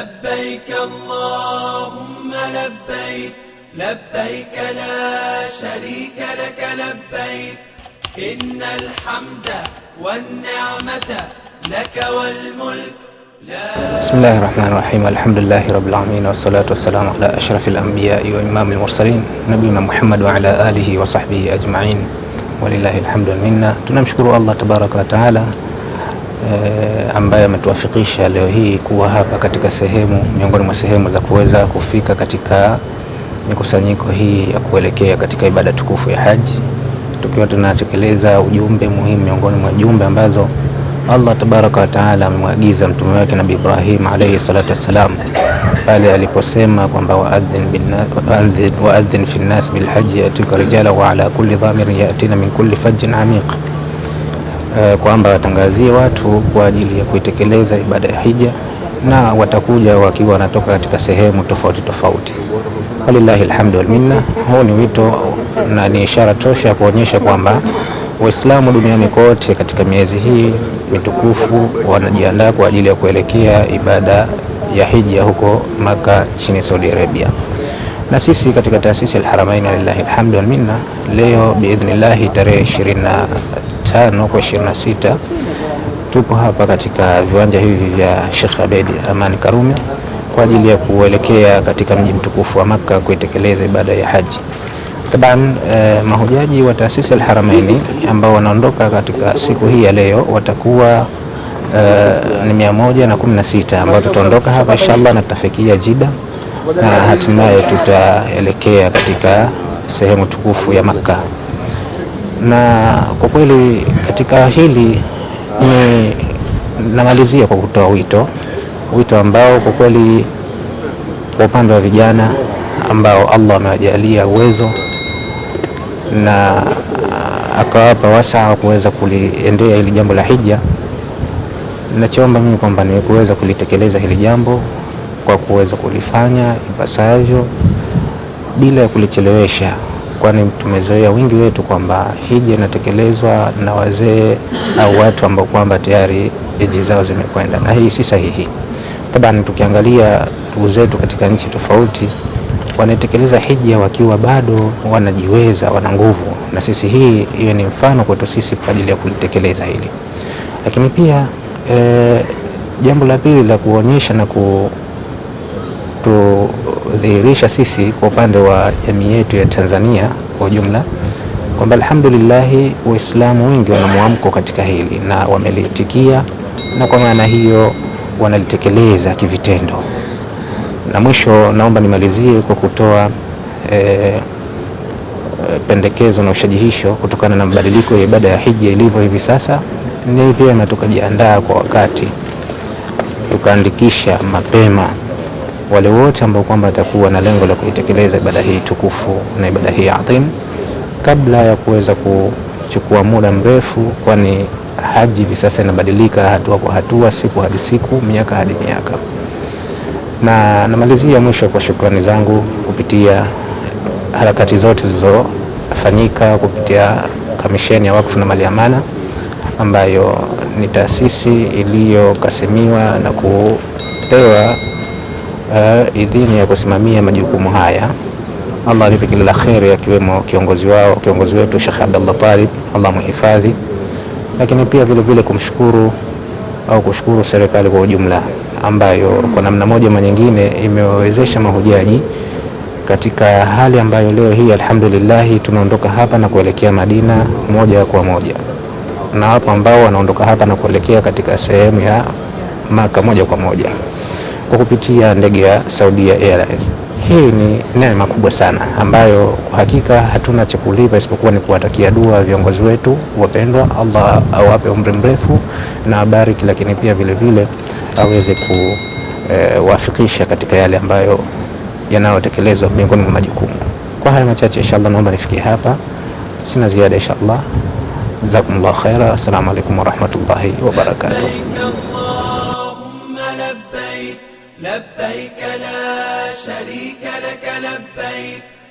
لبيك اللهم لبيك لبيك لا شريك لك لبيك إن الحمد والنعمة لك والملك بسم الله الرحمن الرحيم الحمد لله رب العالمين والصلاة والسلام على أشرف الأنبياء وإمام المرسلين نبينا محمد وعلى آله وصحبه أجمعين ولله الحمد منا tunamshukuru الله تبارك وتعالى آه، ambaye ametuafikisha leo hii kuwa hapa katika sehemu miongoni mwa sehemu za kuweza kufika katika mikusanyiko hii ya kuelekea katika ibada tukufu ya haji, tukiwa tunatekeleza ujumbe muhimu miongoni mwa jumbe ambazo Allah tabaraka wa taala amemwagiza mtume wake Nabii Ibrahim alayhi salatu wassalam pale aliposema kwamba waadhin fi nnas bilhaji yatika rijala wa ala kulli dhamirin yatina min kulli fajjin amiq Eh, kwamba watangazie watu kwa ajili ya kuitekeleza ibada ya hija na watakuja wakiwa wanatoka katika sehemu tofauti tofauti. Walillahi alhamdu Huu ni wito na ni ishara tosha ya kuonyesha kwamba Waislamu duniani kote katika miezi hii mitukufu wanajiandaa kwa ajili ya kuelekea ibada ya hija huko Maka chini Saudi Arabia. Na sisi katika taasisi Alharamain, lillahi alhamdu leo biidhnillahi tarehe 25 kwa 26 tupo hapa katika viwanja hivi vya Sheikh Abeid Amani Karume kwa ajili ya kuelekea katika mji mtukufu wa Makka kuitekeleza ibada ya haji. Taban eh, mahujaji wa taasisi Alharamaini ambao wanaondoka katika siku hii ya leo watakuwa eh, ni 116 na sita ambao tutaondoka hapa inshallah na tutafikia Jida na hatimaye tutaelekea katika sehemu tukufu ya Makka na kwa kweli katika hili ni namalizia kwa kutoa wito, wito ambao kwa kweli kwa upande wa vijana ambao Allah amewajalia uwezo na akawapa wasaa wa kuweza kuliendea hili jambo la hija. Nachoomba mimi kwamba ni kuweza kulitekeleza hili jambo kwa kuweza kulifanya ipasavyo bila ya kulichelewesha kwani tumezoea wingi wetu kwamba hija inatekelezwa na wazee au watu ambao kwamba tayari hija zao zimekwenda, na hii si sahihi. Tabani, tukiangalia ndugu zetu katika nchi tofauti wanatekeleza hija wakiwa bado wanajiweza, wana nguvu, na sisi hii hiyo ni mfano kwetu sisi kwa ajili ya kulitekeleza hili. Lakini pia e, jambo la pili la kuonyesha na ku kutudhihirisha sisi kwa upande wa jamii yetu ya Tanzania kwa ujumla kwamba alhamdulillah Waislamu wengi wana mwamko katika hili na wameliitikia, na kwa maana hiyo wanalitekeleza kivitendo. Na mwisho, naomba nimalizie kwa kutoa eh, pendekezo na ushajihisho kutokana na mabadiliko ya ibada ya hija ilivyo hivi sasa. Ni vyema tukajiandaa kwa wakati, tukaandikisha mapema wale wote ambao kwamba watakuwa na lengo la kuitekeleza ibada hii tukufu na ibada hii adhim, kabla ya kuweza kuchukua muda mrefu, kwani haji hivi sasa inabadilika hatua kwa hatua, siku hadi siku, miaka hadi miaka. Na namalizia mwisho kwa shukrani zangu kupitia harakati zote zilizofanyika kupitia Kamisheni ya Wakfu na Mali Amana ambayo ni taasisi iliyokasimiwa na kupewa uh, idhini ya kusimamia majukumu haya. Allah alipe kila la kheri, akiwemo kiongozi wao, kiongozi wetu Sheikh Abdallah Talib, Allah muhifadhi, lakini pia vile vile kumshukuru au kushukuru serikali kwa ujumla ambayo kwa namna moja ama nyingine imewawezesha mahujaji katika hali ambayo leo hii alhamdulillah tunaondoka hapa na kuelekea Madina moja kwa moja, na wapo ambao wanaondoka hapa na kuelekea katika sehemu ya Maka moja kwa moja kwa kupitia ndege ya Saudia Airlines. Hii ni neema kubwa sana ambayo kwa hakika hatuna cha kulipa isipokuwa ni kuwatakia dua viongozi wetu wapendwa. Allah awape umri mrefu na abariki, lakini pia vilevile aweze kuwafikisha eh, e, katika yale ambayo yanayotekelezwa miongoni mwa majukumu. Kwa haya machache, inshallah naomba nifikie hapa, sina ziada inshallah. Jazakumullah khaira, assalamu alaikum warahmatullahi wabarakatuh. لبيك لا شريك لك لبيك